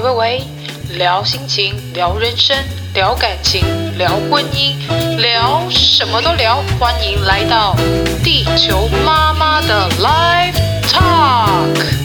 喂喂喂，聊心情，聊人生，聊感情，聊婚姻，聊什麼都聊。歡迎來到地球媽媽的 Life Talk。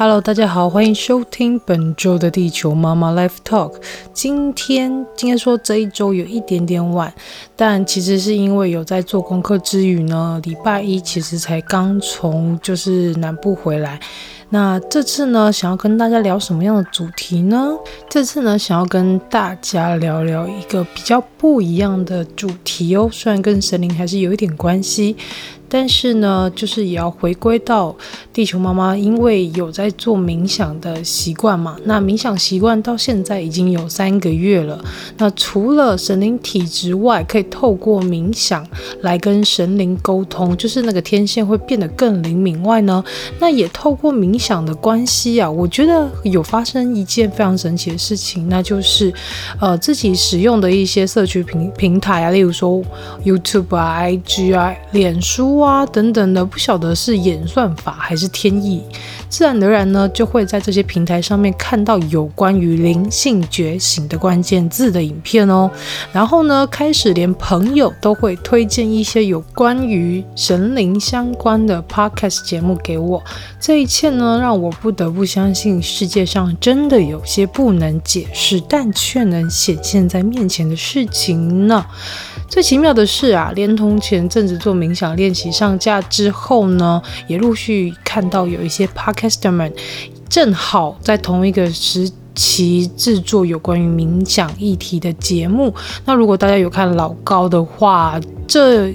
Hello，大家好，歡迎收聽本周的地球媽媽 Life Talk。今天，今天說這一周有一點點晚，但其實是因為有在做功課之餘呢，禮拜一其實才剛從就是南部回來。那這次呢，想要跟大家聊什麼樣的主題呢？這次呢，想要跟大家聊聊一個比較不一樣的主題哦。雖然跟神靈還是有一點關係，但是呢，就是也要回歸到地球媽媽，因為有在做冥想的習慣嘛。那冥想習慣到現在已經有三個月了。那除了神靈體之外，可以透過冥想來跟神靈溝通，就是那個天線會變得更靈敏外呢，那也透過冥。想的關係啊，我覺得有發生一件非常神奇的事情，那就是，呃，自己使用的一些社群平平台啊，例如說 YouTube 啊、IG 啊、臉書啊等等的，不曉得是演算法還是天意。自然而然呢，就會在這些平台上面看到有關於靈性覺醒的關鍵字的影片哦。然後呢，開始連朋友都會推薦一些有關於神靈相關的 podcast 節目給我。這一切呢，讓我不得不相信世界上真的有些不能解釋，但卻能顯現在面前的事情呢。最奇妙的是啊，連同前陣子做冥想練習上架之後呢，也陸續看到有一些 podcaster 們正好在同一個時期制作有關於冥想議題的節目。那如果大家有看老高的話，這。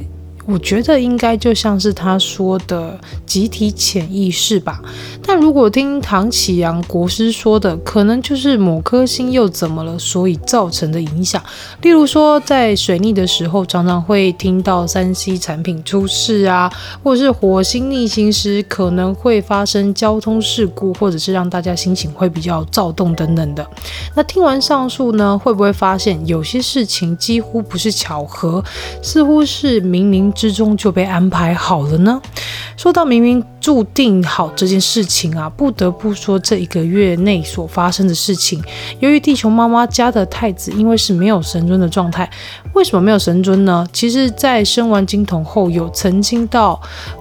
我覺得應該就像是他說的集體潛意識吧，但如果聽唐綺陽國師說的，可能就是某顆星又怎麼了，所以造成的影響。例如說，在水逆的時候，常常會聽到三 C 產品出事啊，或者是火星逆行時可能會發生交通事故，或者是讓大家心情會比較躁動等等的。那聽完上述呢，會不會發現有些事情幾乎不是巧合，似乎是明明。之中就被安排好了呢。說到明明，註定好這件事情啊，不得不說，這一個月內所發生的事情，由於地球媽媽家的太子，因為是沒有神尊的狀態，為什麼沒有神尊呢？其實，在生完金童後，有曾經到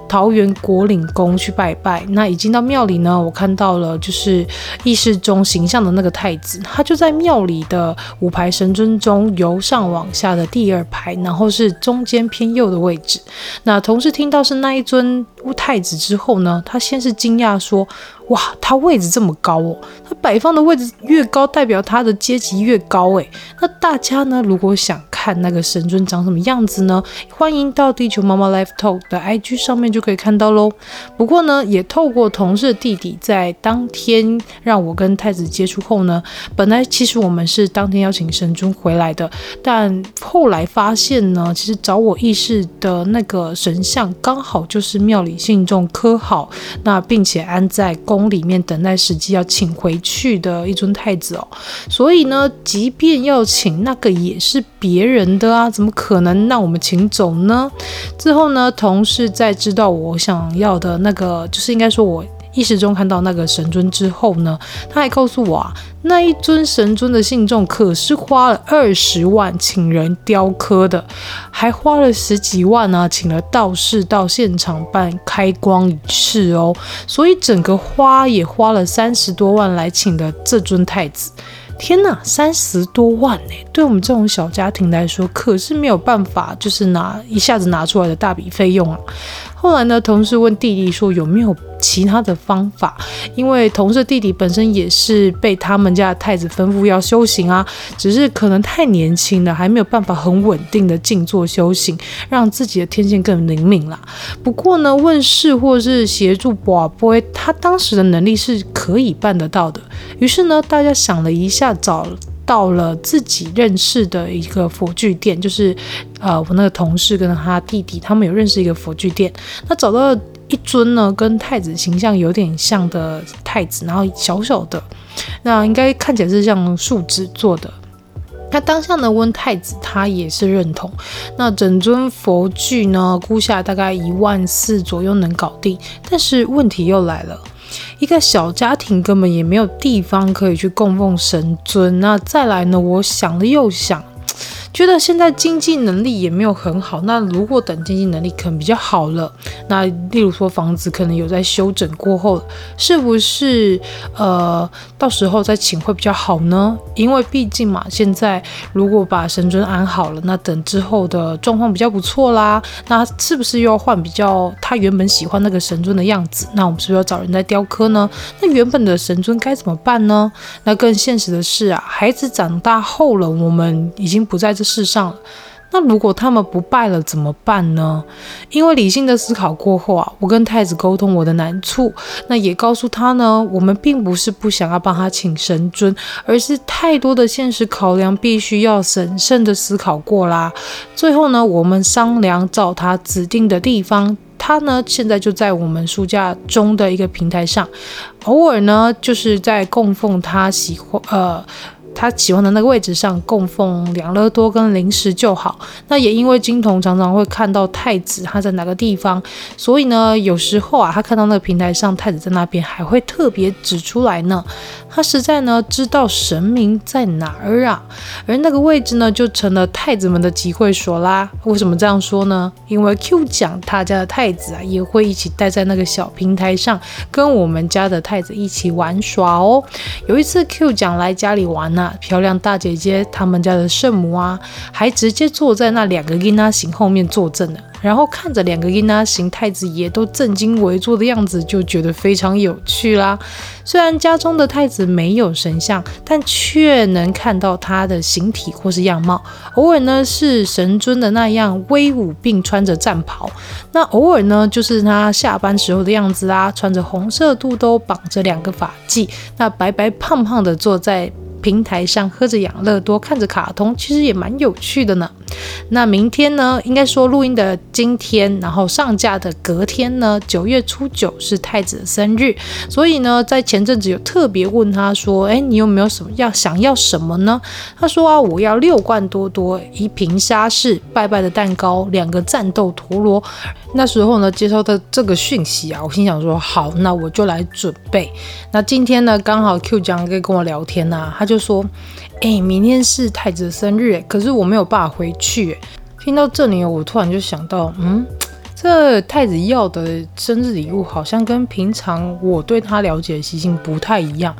桃園果嶺宮去拜拜。那已經到廟裡呢，我看到了就是意識中形象的那個太子，他就在廟裡的五排神尊中，由上往下的第二排，然後是中間偏右的位置。那同事聽到是那一尊烏太子之後。然後呢，他先是驚訝說。哇，他位置這麼高哦，他擺放的位置越高，代表他的階級越高哎。那大家呢，如果想看那個神尊長什麼樣子呢，歡迎到地球媽媽 Life Talk 的 IG 上面就可以看到嘍。不過呢，也透過同事的弟弟在當天讓我跟太子接觸後呢，本來其實我們是當天邀請神尊回來的，但後來發現呢，其實找我議事的那個神像剛好就是廟裡信眾刻好，那並且安在。宮裡面等待時機要請回去的一尊太子哦，所以呢，即便要請那個也是別人的啊，怎麼可能讓我們請走呢？之後呢，同事再知道我想要的那個，就是應該說我。意識中看到那個神尊之後呢，他還告訴我啊，那一尊神尊的信眾可是花了二十萬請人雕刻的，還花了十幾萬呢啊，請了道士到現場辦開光儀式哦，所以整個花也花了三十多萬來請的這尊太子。天哪，三十多萬呢欸！對我們這種小家庭來說，可是沒有辦法，就是拿一下子拿出來的大筆費用啊。後來呢，同事問弟弟說：“有沒有其他的方法？”因為同事弟弟本身也是被他們家的太子吩咐要修行啊，只是可能太年輕了，還沒有辦法很穩定的靜坐修行，讓自己的天性更靈敏啦。不過呢，問事或是協助博杯，他當時的能力是可以辦得到的。於是呢，大家想了一下，找到了自己認識的一個佛具店，就是，呃，我那個同事跟他弟弟，他們有認識一個佛具店，那找到一尊呢，跟太子形象有點像的太子，然後小小的，那應該看起來是像樹脂做的。那當下呢，問太子他也是認同，那整尊佛具呢，估下大概一萬四左右能搞定，但是問題又來了。一個小家庭根本也沒有地方可以去供奉神尊，那再來呢？我想了又想。覺得現在經濟能力也沒有很好，那如果等經濟能力可能比較好了，那例如說房子，可能有在修整過後，是不是呃到時候再請會比較好呢？因為畢竟嘛，現在如果把神尊安好了，那等之後的狀況比較不錯啦，那是不是又要換比較他原本喜歡那個神尊的樣子？那我們是不是要找人來雕刻呢？那原本的神尊該怎麼辦呢？那更現實的是啊，孩子長大後了，我們已經不在。事上，那如果他們不拜了怎麼辦呢？因為理性的思考過後啊，我跟太子溝通我的難處，那也告訴他呢，我們並不是不想要幫他請神尊，而是太多的現實考量必須要審慎的思考過啦。最後呢，我們商量找他指定的地方，他呢現在就在我們書架中的一個平台上，偶爾呢就是在供奉他喜歡呃。他喜歡的那個位置上供奉養樂多跟零食就好。那也因為金童常常會看到太子他在哪個地方，所以呢，有時候啊，他看到那個平台上太子在那邊，還會特別指出來呢。他實在呢知道神明在哪兒啊，而那個位置呢，就成了太子們的集會所啦。為什麼這樣說呢？因為 Q 獎他家的太子啊，也會一起待在那個小平台上，跟我們家的太子一起玩耍哦。有一次 Q 獎來家裡玩呢、啊。漂亮大姐姐，他們家的聖母啊，還直接坐在那兩個囡仔形後面坐鎮了，然後看着兩個囡仔形太子爺都正襟危坐的樣子，就覺得非常有趣啦。雖然家中的太子沒有神像，但卻能看到他的形體或是樣貌。偶爾呢，是神尊的那樣威武，並穿着戰袍；那偶爾呢，就是他下班時候的樣子啊，穿着紅色肚兜，綁着兩個髮髻，那白白胖胖的坐在平台上喝着養樂多，看着卡通，其實也蠻有趣的呢。那明天呢？應該說錄音的今天，然後上架的隔天呢，九月初九是太子的生日，所以呢，在前陣子有特別問他說：“哎，你有沒有什麼要想要什麼呢？”他說：“啊，我要六罐多多，一瓶沙士，拜拜的蛋糕，兩個戰鬥陀螺。”那時候呢，接收到這個訊息啊，我心想說：“好，那我就來準備。”那今天呢，剛好 Q 講可以跟我聊天啊，他就說。哎，明天是太子的生日，可是我沒有辦法回去。聽到這裡，我突然就想到，嗯，這太子要的生日禮物好像跟平常我對他了解的習性不太一樣，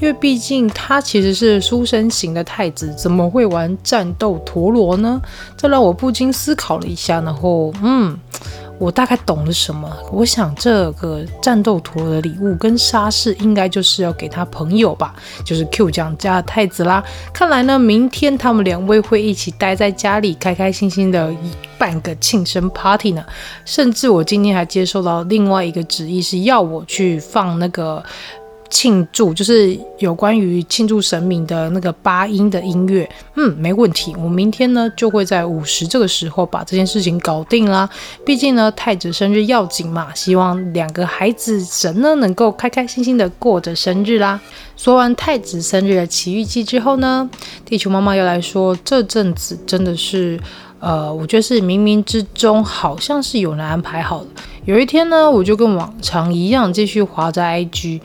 因為畢竟他其實是書生型的太子，怎麼會玩戰鬥陀螺呢？這讓我不禁思考了一下，然後，嗯。我大概懂了什麼？我想這個戰鬥陀螺的禮物跟沙士應該就是要給他朋友吧，就是 Q 醬家的太子啦。看來呢，明天他們兩位會一起待在家裡，開開心心的辦個慶生 party 呢。甚至我今天還接受到另外一個旨意，是要我去放那個。慶祝就是有關於慶祝神明的那個八音的音樂，嗯，沒問題。我明天呢就會在午時這個時候把這件事情搞定啦。畢竟呢太子生日要緊嘛，希望兩個孩子神呢能夠開開心心的過着生日啦。說完太子生日的奇遇記之後呢，地球媽媽又來說這陣子真的是，呃，我覺得是冥冥之中好像是有人安排好的。有一天呢，我就跟往常一樣繼續滑着 IG，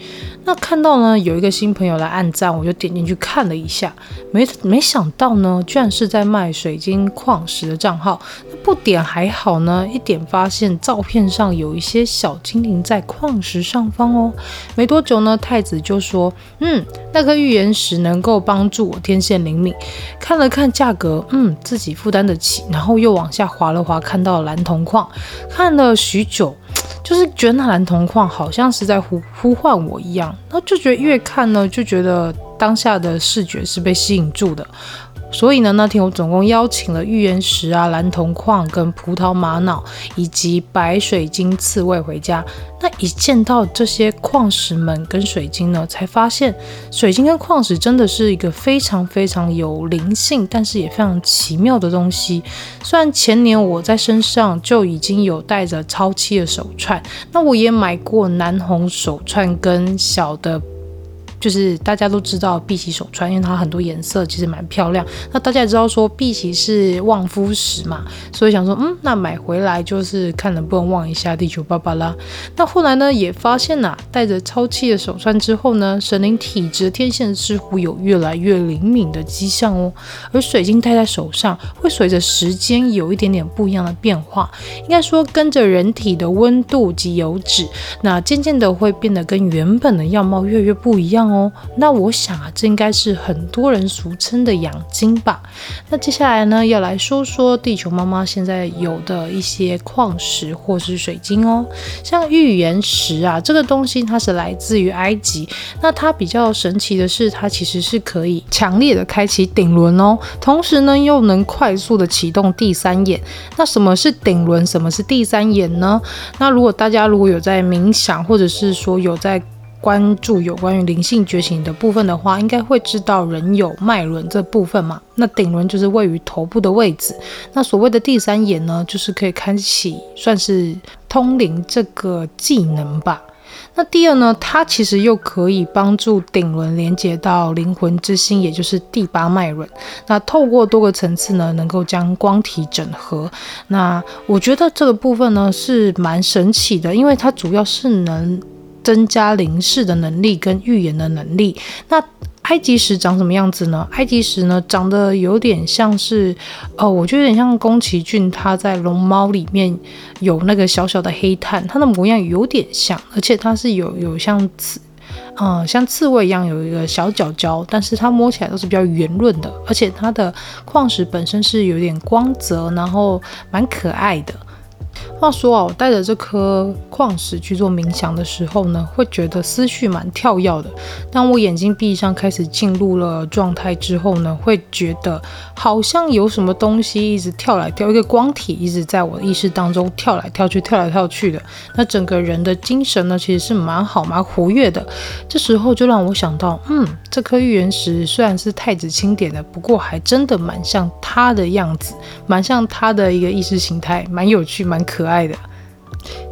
那看到呢有一個新朋友來按讚，我就點進去看了一下，沒沒想到呢，居然是在賣水晶礦石的賬號。那不點還好呢，一點發現照片上有一些小精靈在礦石上方哦。沒多久呢，太子就說：“嗯，那顆預言石能夠幫助我天線靈敏。”看了看價格，嗯，自己負擔得起。然後又往下滑了滑，看到藍銅礦，看了許久。就是覺得那藍銅礦好像是在呼呼喚我一樣，那就覺得越看呢，就覺得當下的視覺是被吸引住的。所以呢，那天我總共邀請了玉岩石啊、藍銅礦跟葡萄瑪瑙，以及白水晶刺蝟回家。那一見到這些礦石們跟水晶呢，才發現水晶跟礦石真的是一個非常非常有靈性，但是也非常奇妙的東西。雖然前年我在身上就已經有戴着超七的手串，那我也買過南紅手串跟小的。就是大家都知道碧璽手串，因為它很多顏色其實蠻漂亮。那大家也知道說碧璽是旺夫石嘛，所以想說，嗯，那買回來就是看能不能旺一下地球爸爸啦。那後來呢，也發現吶、啊，戴着超氣的手串之後呢，神靈體質天線似乎有越來越靈敏的跡象哦。而水晶戴在手上，會隨着時間有一點點不一樣的變化，應該說跟着人體的溫度及油脂，那漸漸的會變得跟原本的樣貌越來越不一樣哦。那我想啊，這應該是很多人俗稱的養精吧。那接下來呢，要來說說地球媽媽現在有的一些礦石或是水晶哦，像預言石啊，這個東西它是來自於埃及。那它比較神奇的是，它其實是可以強烈的開啟頂輪哦，同時呢又能快速的啟動第三眼。那什麼是頂輪，什麼是第三眼呢？那如果大家如果有在冥想，或者是說有在關注有關於靈性覺醒的部分的話，應該會知道人有脈輪這部分嘛。那頂輪就是位於頭部的位置。那所謂的第三眼呢，就是可以開啟，算是通靈這個技能吧。那第二呢，它其實又可以幫助頂輪連接到靈魂之心，也就是第八脈輪。那透過多個層次呢，能夠將光體整合。那我覺得這個部分呢是蠻神奇的，因為它主要是能。增加靈視的能力跟預言的能力。那埃及石長什麼樣子呢？埃及石呢，長得有點像是，哦，我覺得有點像宮崎駿他在《龍貓》裡面有那個小小的黑炭，它的模樣有點像，而且它是有有像刺，呃，像刺蝟一樣有一個小角角，但是它摸起來都是比較圓潤的，而且它的礦石本身是有點光澤，然後蠻可愛的。說啊，我帶着這顆礦石去做冥想的時候呢，會覺得思緒蠻跳躍的。當我眼睛閉上，開始進入了狀態之後呢，會覺得好像有什麼東西一直跳來跳，一個光體一直在我的意識當中跳來跳去，跳來跳去的。那整個人的精神呢，其實是蠻好、蠻活躍的。這時候就讓我想到，嗯，這顆預言石雖然是太子欽點的，不過還真的蠻像他的樣子，蠻像他的一個意識形態，蠻有趣、蠻可愛。愛的。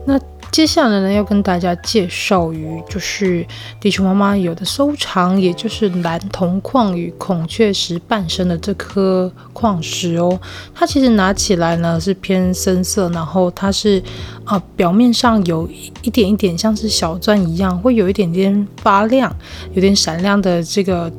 那接下來呢，要跟大家介紹於就是地球媽媽有的收藏，也就是藍銅礦與孔雀石伴生的這顆礦石哦。它其實拿起來呢是偏深色，然後它是啊、呃、表面上有一點一點像是小鑽一樣，會有一點點發亮，有點閃亮的這個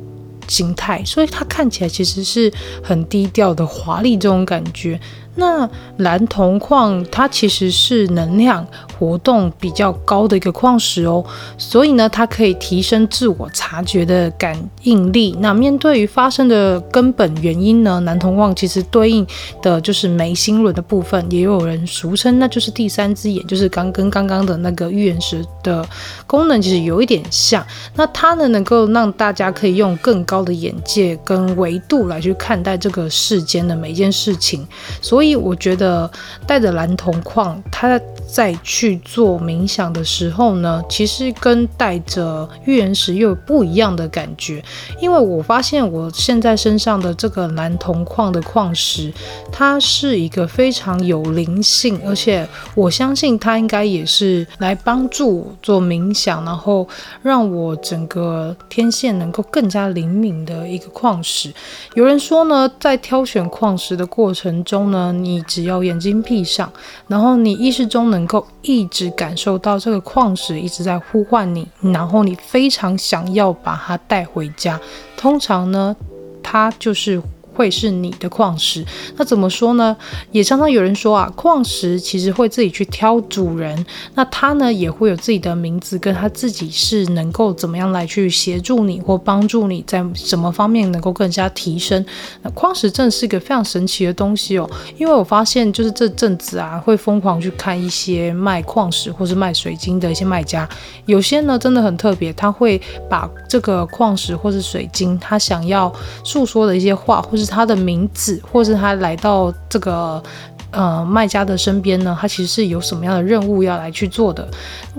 形態，所以它看起來其實是很低調的華麗這種感覺。那藍銅礦它其實是能量活動比較高的一個礦石哦，所以呢，它可以提升自我察覺的感應力。那面對於發生的根本原因呢，藍銅礦其實對應的就是眉心輪的部分，也有人俗稱那就是第三隻眼，就是剛跟剛剛剛的那個預言石的功能其實有一點像。那它呢，能夠讓大家可以用更高的眼界跟維度來去看待這個世間的每一件事情，所以。所以我覺得帶着藍銅礦，他在去做冥想的時候呢，其實跟帶着玉原石又有不一樣的感覺。因為我發現我現在身上的這個藍銅礦的礦石，它是一個非常有靈性，而且我相信它應該也是來幫助我做冥想，然後讓我整個天線能夠更加靈敏的一個礦石。有人說呢，在挑選礦石的過程中呢。你只要眼睛閉上，然後你意識中能夠一直感受到這個礦石一直在呼喚你，然後你非常想要把它帶回家。通常呢，它就是。會是你的礦石，那怎麼說呢？也常常有人說啊，礦石其實會自己去挑主人，那他呢也會有自己的名字，跟他自己是能夠怎麼樣來去協助你或幫助你在什麼方面能夠更加提升。那礦石真是個非常神奇的東西哦，因為我發現就是這陣子啊會瘋狂去看一些賣礦石或是賣水晶的一些賣家，有些呢真的很特別，他會把這個礦石或是水晶，他想要訴說的一些話或是。他的名字，或是他來到這個呃賣家的身邊呢，他其實是有什麼樣的任務要來去做的。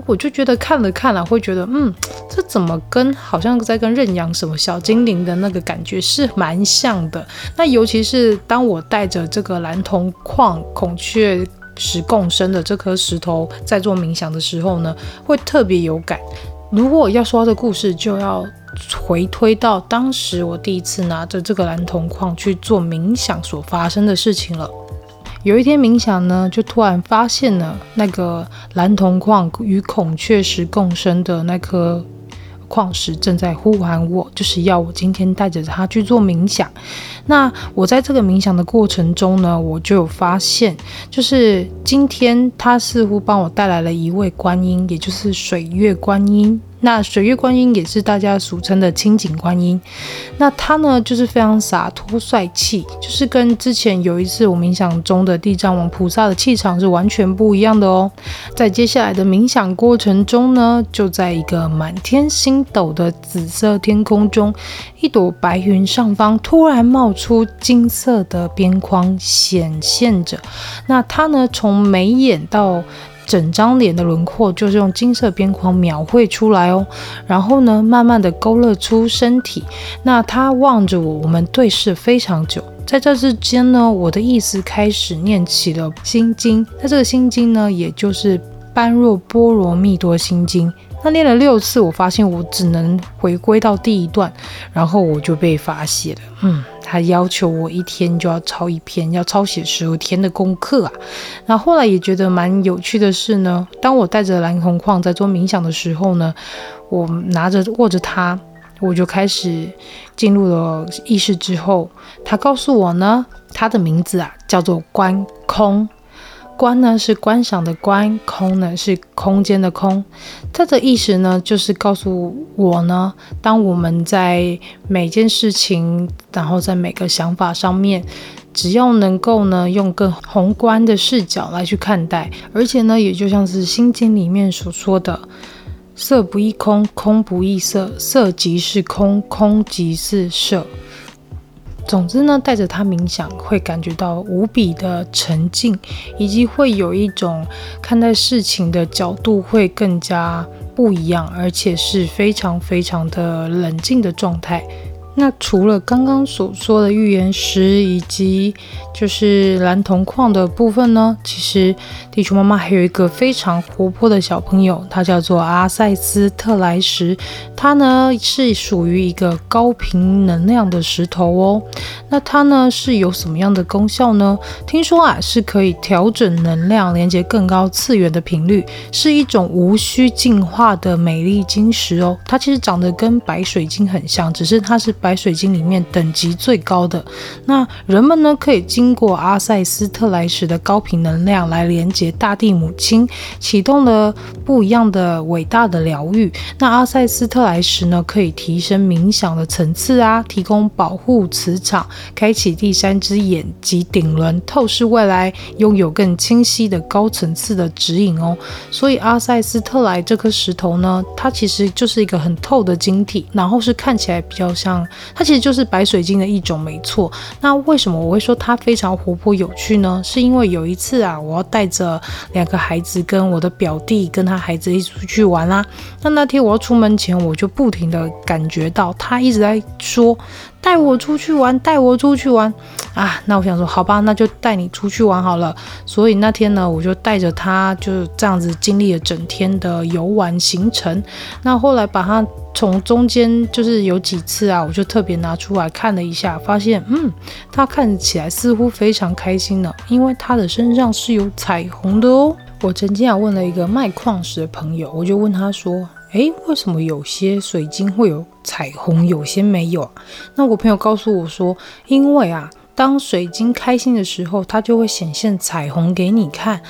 我就覺得看了看了，會覺得嗯，這怎麼跟好像在跟認養什麼小精靈的那個感覺是蠻像的。那尤其是當我帶着這個藍銅礦孔雀石共生的這顆石頭在做冥想的時候呢，會特別有感。如果我要說這故事，就要回推到當時我第一次拿着這個藍銅礦去做冥想所發生的事情了。有一天冥想呢，就突然發現了那個藍銅礦與孔雀石共生的那顆。礦石正在呼喊我，就是要我今天帶着它去做冥想。那我在這個冥想的過程中呢，我就有發現，就是今天他似乎幫我帶來了一位觀音，也就是水月觀音。那水月觀音也是大家俗稱的清景觀音，那他呢，就是非常灑脫帥氣，就是跟之前有一次我冥想中的地藏王菩薩的氣場是完全不一樣的哦。在接下來的冥想過程中呢，就在一個滿天星斗的紫色天空中，一朵白雲上方突然冒出金色的邊框，顯現着。那他呢，從眉眼到整張臉的輪廓就是用金色邊框描繪出來哦，然後呢，慢慢的勾勒出身體。那他望着我，我們對視非常久，在這之間呢，我的意思開始念起了心經。那這個心經呢，也就是《般若波羅蜜多心經》。練了六次，我發現我只能回歸到第一段，然後我就被罰寫了。嗯，他要求我一天就要抄一篇，要抄寫十五天的功課啊。那後，後來也覺得蠻有趣的是呢，當我帶着藍銅礦在做冥想的時候呢，我拿着握着它，我就開始進入了意識之後，他告訴我呢，他的名字啊叫做關空。觀呢，是觀賞的觀，空呢是空間的空。它的意思呢就是告訴我呢，當我們在每件事情，然後在每個想法上面，只要能夠呢用更宏觀的視角來去看待，而且呢也就像是《心經》裡面所說的“色不異空，空不異色，色即是空，空即是色”。總之呢，帶着它冥想，會感覺到無比的沉靜，以及會有一種看待事情的角度會更加不一樣，而且是非常非常的冷靜的狀態。那除了剛剛所說的預言石以及就是藍銅礦的部分呢，其實地球媽媽還有一個非常活潑的小朋友，他叫做阿塞斯特萊石。它呢是屬於一個高頻能量的石頭哦。那它呢是有什麼樣的功效呢？聽說啊是可以調整能量，連接更高次元的頻率，是一種無需進化的美麗晶石哦。它其實長得跟白水晶很像，只是它是白，白水晶裡面等級最高的。那人們呢，可以經過阿塞斯特萊石的高頻能量來連接大地母親，啟動了不一樣的偉大的療癒。那阿塞斯特萊石呢，可以提升冥想的層次啊，提供保護磁場，開啟第三隻眼及頂輪，透視未來，擁有更清晰的高層次的指引哦。所以阿塞斯特萊這顆石頭呢，它其實就是一個很透的晶體，然後是看起來比較像。它其實就是白水晶的一種，沒錯。那為什麼我會說它非常活潑有趣呢？是因為有一次啊，我要帶着兩個孩子跟我的表弟跟他孩子一起出去玩啦、啊。那那天我要出門前，我就不停地感覺到他一直在說：“帶我出去玩，帶我出去玩。”啊，那我想說，好吧，那就帶你出去玩好了。所以那天呢，我就帶着他，就是這樣子經歷了整天的遊玩行程。那後來把它從中間，就是有幾次啊，我就特別拿出來看了一下，發現，嗯，它看起來似乎非常開心呢，因為它的身上是有彩虹的哦。我曾經啊問了一個賣礦石的朋友，我就問他說，誒，為什麼有些水晶會有彩虹，有些沒有？那我朋友告訴我說，因為啊，當水晶開心的時候，它就會顯現彩虹給你看。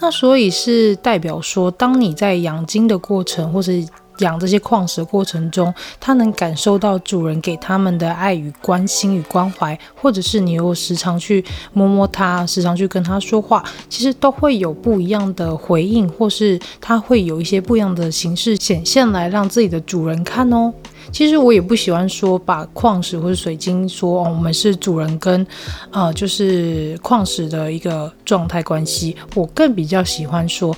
那所以是代表說，當你在養晶的過程，或是養這些礦石的過程中，它能感受到主人給它們的愛與關心與關懷，或者是你有時常去摸摸它，時常去跟它說話，其實都會有不一樣的回應，或是它會有一些不一樣的形式顯現來讓自己的主人看哦。其實我也不喜歡說把礦石或者水晶說哦，我們是主人跟，呃，就是礦石的一個狀態關係。我更比較喜歡說，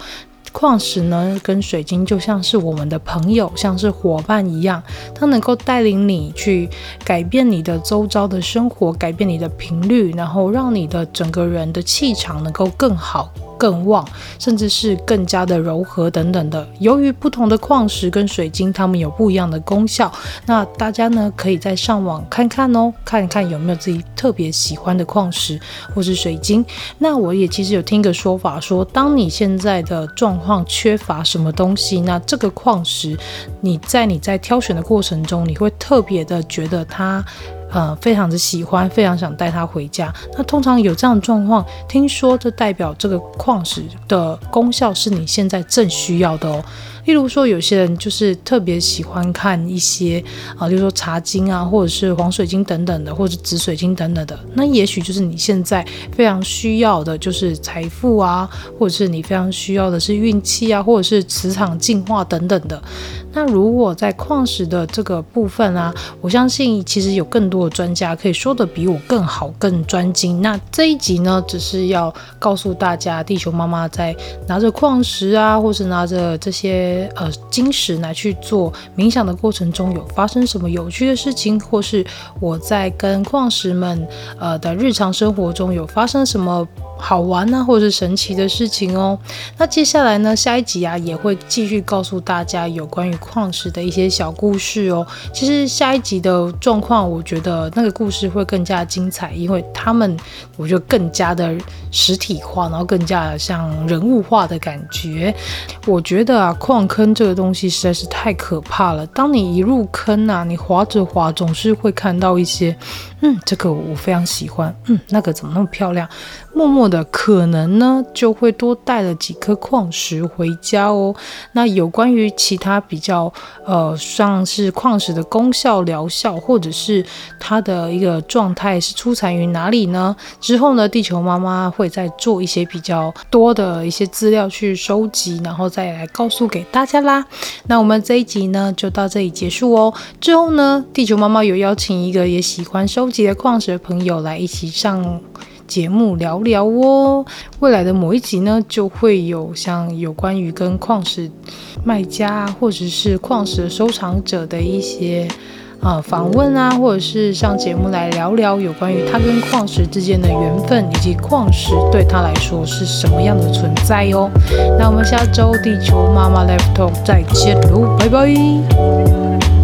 礦石呢跟水晶就像是我們的朋友，像是夥伴一樣，它能夠帶領你去改變你的周遭的生活，改變你的頻率，然後讓你的整個人的氣場能夠更好，更旺，甚至是更加的柔和等等的。由於不同的礦石跟水晶，它們有不一樣的功效。那大家呢，可以再上網看看哦,看一看有沒有自己特別喜歡的礦石或是水晶。那我也其實有聽個說法說，說當你現在的狀況缺乏什麼東西，那這個礦石，你在你在挑選的過程中，你會特別的覺得它。呃，非常的喜歡，非常想帶它回家。那通常有這樣的狀況，聽說這代表這個礦石的功效是你現在正需要的哦。例如說，有些人就是特別喜歡看一些啊，就是說茶晶啊，或者是黃水晶等等的，或者紫水晶等等的。那也許就是你現在非常需要的，就是財富啊，或者是你非常需要的是運氣啊，或者是磁場淨化等等的。那如果在礦石的這個部分啊，我相信其實有更多的專家可以說的比我更好、更專精。那這一集呢，只是要告訴大家，地球媽媽在拿着礦石啊，或是拿着這些。呃，晶石來去做冥想的過程中，有發生什麼有趣的事情，或是我在跟礦石們呃的日常生活中有發生什麼好玩呢、啊？或者是神奇的事情哦。那接下來呢，下一集啊也會繼續告訴大家有關於礦石的一些小故事哦。其實下一集的狀況，我覺得那個故事會更加精彩，因為他們我就更加的實體化，然後更加的像人物化的感覺。我覺得、啊、礦。坑這個東西實在是太可怕了。當你一入坑吶、啊，你滑着滑，總是會看到一些，嗯，這個我非常喜歡，嗯，那個怎麼那麼漂亮？默默的可能呢，就會多帶了幾顆礦石回家哦。那有關於其他比較，呃，像是礦石的功效、療效，或者是它的一個狀態是出產於哪裡呢？之後呢，地球媽媽會再做一些比較多的一些資料去收集，然後再來告訴給大。大家啦，那我們這一集呢，就到這裡結束哦。之後呢，地球媽媽有邀請一個也喜歡收集的礦石的朋友來一起上節目聊聊哦。未來的某一集呢，就會有像有關於跟礦石賣家或者是礦石收藏者的一些。啊、呃，訪問啊，或者是上節目來聊聊有關於它跟礦石之間的緣分，以及礦石對它來說是什麼樣的存在喲、哦。那我們下周地球媽媽 Life Talk 再見嘍，拜拜。